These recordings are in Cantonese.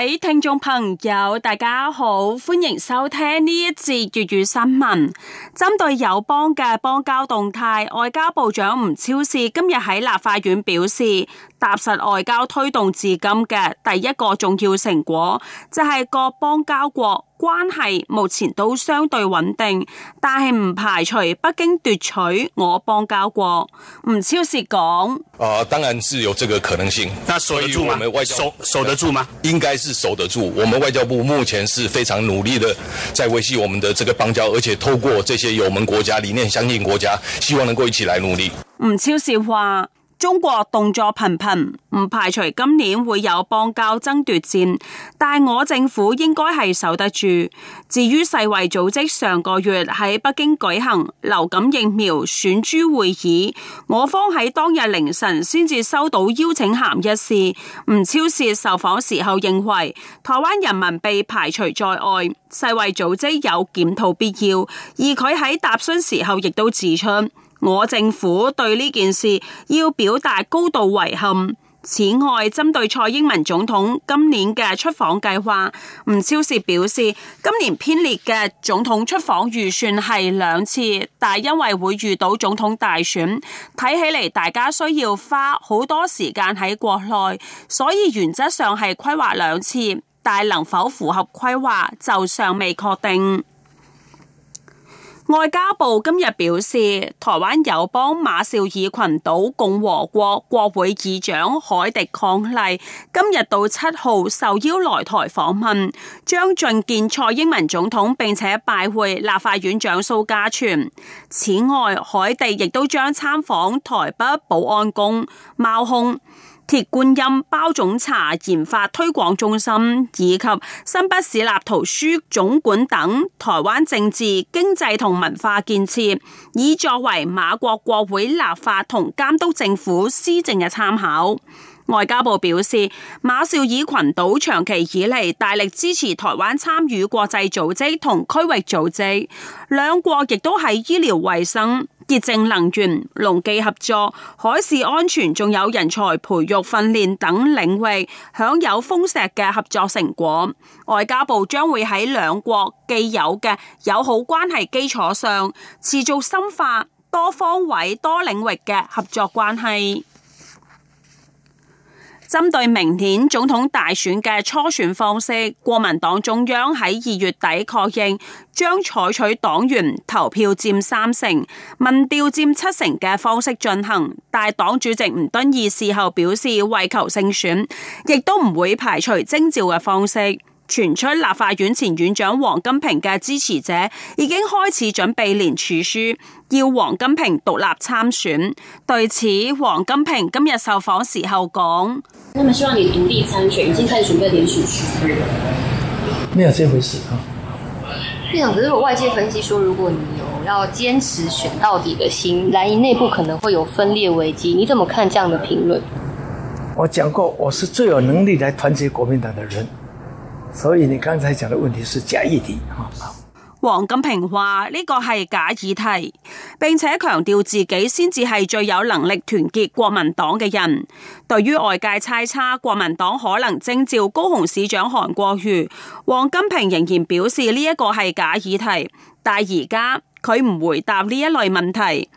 各位聽眾朋友，大家好，歡迎收聽呢一節粵語新聞。針對友邦嘅邦交動態，外交部長吳釗燮今日喺立法院表示，踏實外交推動至今嘅第一個重要成果，就係、是、各邦交國，關係目前都相對穩定，但係唔排除北京奪取我邦交國。吳釗燮說：講啊、呃，當然是有這個可能性。那所以我們外交部守得住嗎？住嗎，應該是守得住。我們外交部目前是非常努力的在維繫我們的這個邦交，而且透過這些有我們國家理念相近國家，希望能夠一起來努力。吳釗燮說。中國動作頻頻，唔排除今年會有邦交爭奪戰，但我政府應該係守得住。至於世衛組織上個月喺北京舉行流感疫苗選株會議，我方喺當日凌晨先至收到邀請函一事，吳釗燮受訪時候認為台灣人民被排除在外，世衛組織有檢討必要，而佢喺答詢時候亦都指出。我政府對呢件事要表達高度遺憾。此外，針對蔡英文總統今年嘅出訪計劃，吳釗燮表示，今年編列嘅總統出訪預算係兩次，但因為會遇到總統大選，睇起嚟大家需要花好多時間喺國內，所以原則上係規劃兩次，但能否符合規劃就尚未確定。外交部今日表示，台灣友邦馬紹爾群島共和國國會議長海迪抗麗今日到七號受邀來台訪問，將覲見蔡英文總統，並且拜會立法院長蘇嘉全。此外，海地亦都將參訪台北保安宮貓空。鐵觀音包種茶研發推廣中心以及新北市立圖書總館等台灣政治、經濟同文化建設，以作為馬國國會立法同監督政府施政嘅參考。外交部表示，馬紹爾群島長期以嚟大力支持台灣參與國際組織同區域組織，兩國亦都係醫療衛生。潔淨能源、農技合作、海事安全，仲有人才培育、訓練等領域，享有豐碩嘅合作成果。外交部將會喺兩國既有嘅友好關係基礎上，持續深化多方位、多領域嘅合作關係。針對明年總統大選嘅初選方式，國民黨中央喺二月底確認將採取黨員投票占三成、民調占七成嘅方式進行。但係黨主席吳敦義事後表示，為求勝選，亦都唔會排除徵召嘅方式。傳出立法院前院長王金平嘅支持者已經開始準備連署書。要王金平獨立參選，對此，王金平今日受訪時候講：他們希望你獨立參選，已經開始準備連署。沒有這回事啊！院長，可是我外界分析說，如果你有要堅持選到底的心，藍營內部可能會有分裂危機。你怎麼看這樣的評論？我講過，我是最有能力來團結國民黨的人，所以你剛才講的問題是假議題啊！王金平話呢、這個係假議題，並且強調自己先至係最有能力團結國民黨嘅人。對於外界猜測國民黨可能徵召高雄市長韓國瑜，王金平仍然表示呢一個係假議題，但而家佢唔回答呢一類問題。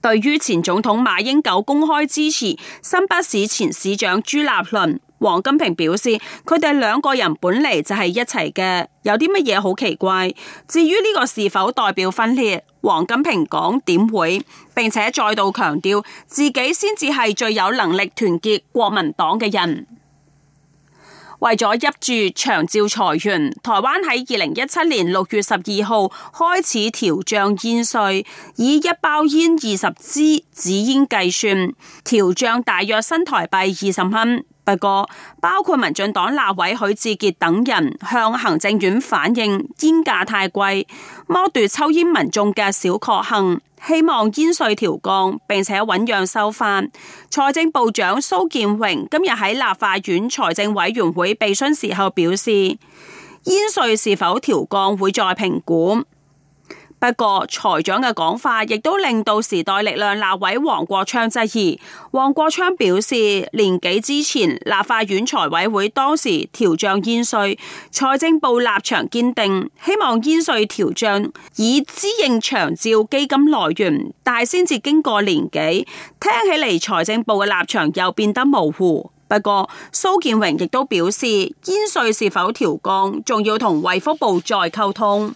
對於前總統馬英九公開支持新北市前市長朱立倫。王金平表示，佢哋兩個人本嚟就係一齊嘅，有啲乜嘢好奇怪。至於呢個是否代表分裂，王金平講點會，並且再度強調自己先至係最有能力團結國民黨嘅人。為咗入住長照財源，台灣喺二零一七年六月十二號開始調漲煙稅，以一包煙二十支紙煙計算，調漲大約新台幣二十蚊。不過，包括民進黨立委許智傑等人向行政院反映煙價太貴，剝奪抽煙民眾嘅小確幸。希望煙稅調降，並且醞釀收翻。財政部長蘇建榮今日喺立法院財政委員會備詢時候表示，煙稅是否調降會再評估。不過財長嘅講法亦都令到時代力量立委黃國昌質疑。黃國昌表示，年幾之前立法院財委會當時調漲菸稅，財政部立場堅定，希望菸稅調漲以支應長照基金來源，但係先至經過年幾，聽起嚟財政部嘅立場又變得模糊。不過蘇建榮亦都表示，菸稅是否調降，仲要同衛福部再溝通。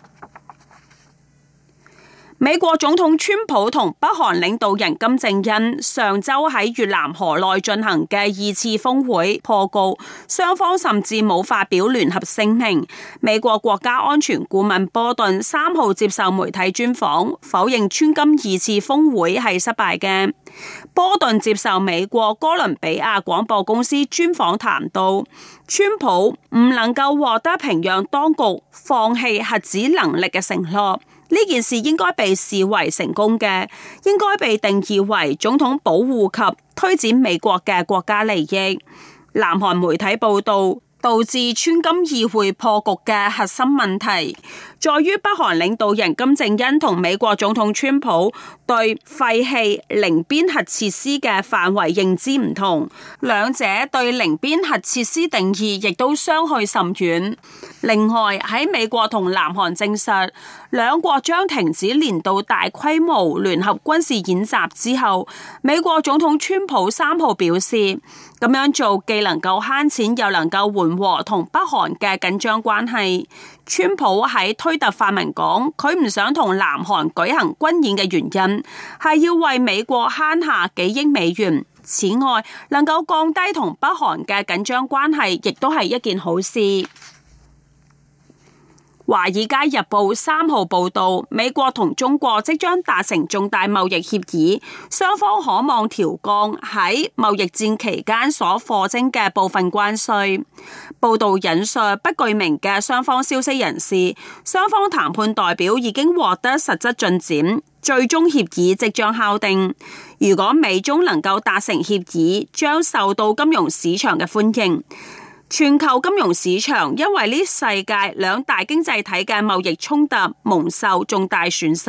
美國總統川普同北韓領導人金正恩上周喺越南河內進行嘅二次峰會破局，雙方甚至冇發表聯合聲明。美國國家安全顧問波頓三號接受媒體專訪，否認川金二次峰會係失敗嘅。波頓接受美國哥倫比亞廣播公司專訪談到，川普唔能夠獲得平壤當局放棄核子能力嘅承諾。呢件事應該被視為成功嘅，應該被定義為總統保護及推展美國嘅國家利益。南韓媒體報道。導致川金二會破局嘅核心問題，在於北韓領導人金正恩同美國總統川普對廢棄寧邊核設施嘅範圍認知唔同，兩者對寧邊核設施定義亦都相去甚遠。另外，喺美國同南韓證實兩國將停止年度大規模聯合軍事演習之後，美國總統川普三號表示，咁樣做既能夠慳錢，又能夠緩和同北韓嘅緊張關係。川普喺推特發文講，佢唔想同南韓舉行軍演嘅原因，係要為美國慳下幾億美元。此外，能夠降低同北韓嘅緊張關係，亦都係一件好事。華爾街日報三號報道，美國同中國即將達成重大貿易協議，雙方可望調降喺貿易戰期間所課徵嘅部分關稅。報道引述不具名嘅雙方消息人士，雙方談判代表已經獲得實質進展，最終協議即將敲定。如果美中能夠達成協議，將受到金融市場嘅歡迎。全球金融市場因為呢世界兩大經濟體嘅貿易衝突蒙受重大損失。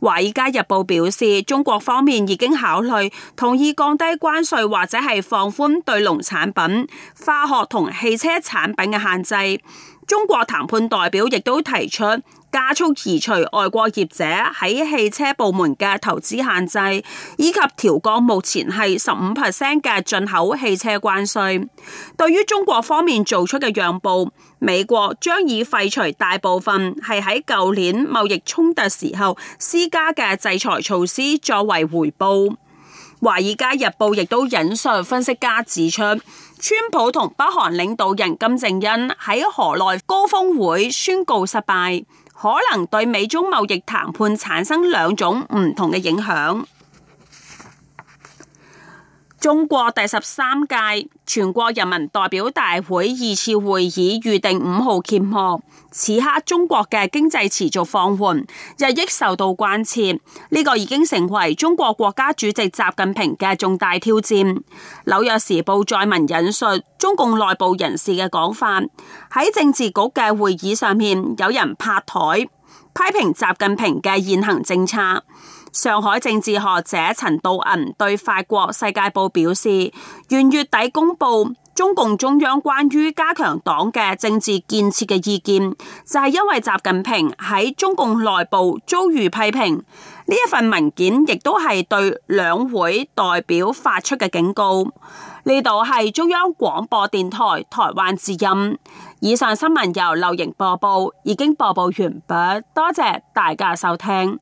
華爾街日報表示，中國方面已經考慮同意降低關稅或者係放寬對農產品、化學同汽車產品嘅限制。中國談判代表亦都提出，加速移除外國業者喺汽車部門嘅投資限制，以及調降目前係十五 percent 嘅進口汽車關稅。對於中國方面做出嘅讓步，美國將以廢除大部分係喺舊年貿易衝突時候施加嘅制裁措施作為回報。華爾街日報亦都引述分析家指出，川普同北韓領導人金正恩喺河內高峰會宣告失敗。可能對美中貿易談判產生兩種唔同嘅影響。中國第十三屆全國人民代表大會二次會議預定五號揭幕。此刻，中國嘅經濟持續放緩，日益受到關切。呢、這個已經成為中國國家主席習近平嘅重大挑戰。紐約時報載文引述中共內部人士嘅講法，喺政治局嘅會議上面，有人拍台，批評習近平嘅現行政策。上海政治學者陳道銀對法國《世界報》表示，元月底公布中共中央關於加強黨嘅政治建設嘅意見，就係、是、因為習近平喺中共內部遭遇批評。呢一份文件亦都係對兩會代表發出嘅警告。呢度係中央廣播電台台灣之音。以上新聞由劉瑩播報，已經播報完畢，多謝大家收聽。